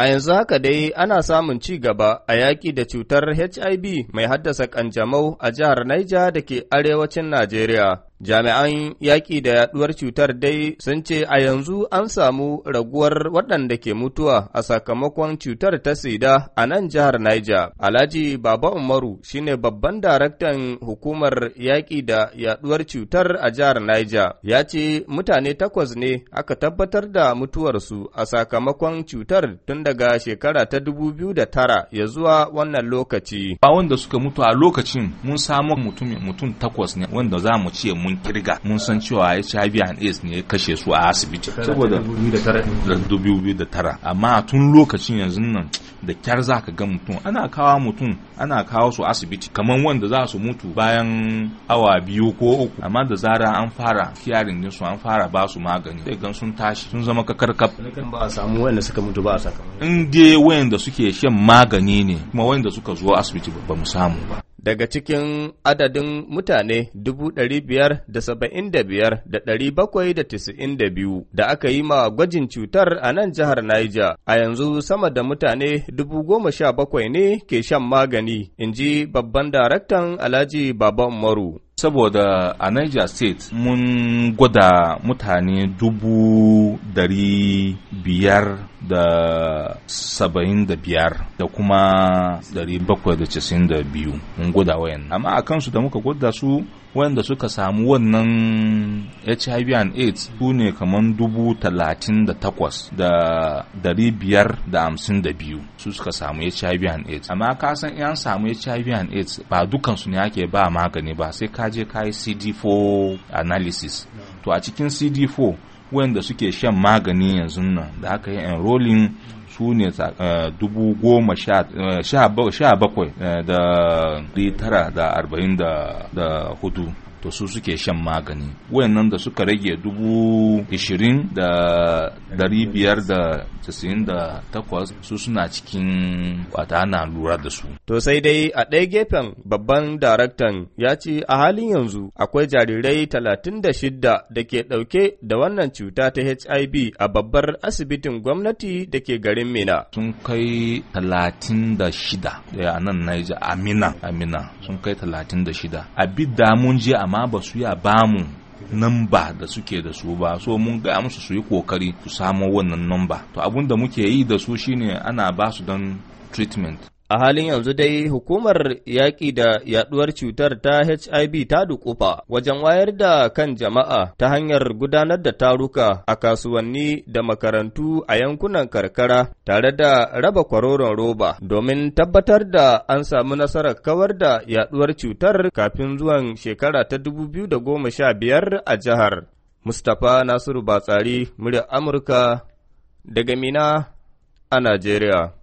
A yanzu haka dai ana samun ci gaba a yaƙi da cutar HIV mai haddasa ƙanjamau a jihar Niger da ke arewacin Najeriya. Jami'an yaƙi da yaɗuwar cutar dai sun ce a yanzu an samu raguwar waɗanda ke mutuwa a sakamakon cutar ta sida a nan jihar Niger. Alhaji Baba Umaru shine babban daraktan hukumar yaƙi da yaɗuwar cutar a jihar Niger. Ya ce mutane takwas ne aka tabbatar da mutuwarsu a sakamakon cutar tun daga shekara ta dubu biyu da tara ya zuwa wannan lokaci. Ba wanda suka mutu a lokacin mun samu mutum takwas ne wanda za mu ce mun kirga mun san cewa HIV and AIDS ne ya kashe su a asibiti saboda 2009 amma tun lokacin yanzu nan da kyar za ka ga mutum ana kawo mutum ana kawo su asibiti kamar wanda za su mutu bayan awa biyu ko uku amma da zara an fara kiyarin din su an fara ba su magani sai gan sun tashi sun zama kakarkaf ba a samu wanda suka mutu ba a sakamakon in dai wayanda suke shan magani ne kuma wayanda suka zo asibiti ba mu samu ba daga cikin adadin mutane 575,792 da aka yi ma gwajin cutar a nan jihar Niger, a yanzu sama da mutane 17,000 ne ke shan magani, in ji babban daraktan Alhaji Baba Umaru. saboda a Niger State mun gwada mutane dubu dari biyar da saba'in da biyar da kuma dari bakwai da casin da biyu mun gwada wayan amma a kansu da muka gwada su wanda suka samu wannan hiv and aids su ne kamar dubu talatin da takwas da dari biyar da hamsin da biyu su suka samu hiv and aids amma ka san yan samu hiv and aids ba dukansu ne ake ba magani ba sai ka je ka yi cd4 analysis to a cikin cd4 wanda suke shan magani yanzu nan da aka yi enrolling su ne eh, dubu goma sha eh, bakwai eh, da tara da arba'in da hudu to su suke shan magani wayannan da suka rage dubu ishirin da dari biyar da casa'in da takwas su suna cikin kwata na lura da su to sai dai a ɗaya gefen babban daraktan ya ce a halin yanzu akwai jarirai talatin da shidda da ke ɗauke da wannan cuta ta hiv a babbar asibitin gwamnati da ke garin mina sun kai talatin da shida eh, a nan naija amina amina sun kai talatin da shida a bi damun je a amma ba su ya ba bamu namba da suke da su ba so mun gaya musu su yi kokari su samo wannan namba to abun da muke yi da su shine ana ba su don treatment A halin yanzu dai hukumar yaƙi da yaɗuwar cutar ta HIV ta dukufa wajen wayar da kan jama'a ta hanyar gudanar da taruka a kasuwanni da makarantu a yankunan karkara tare da raba kwaroron roba domin tabbatar da an samu nasarar kawar da yaɗuwar cutar kafin zuwan shekara ta 2015 a jihar. Mustapha Nasiru Batsari, murya Amurka, daga Mina a Najeriya.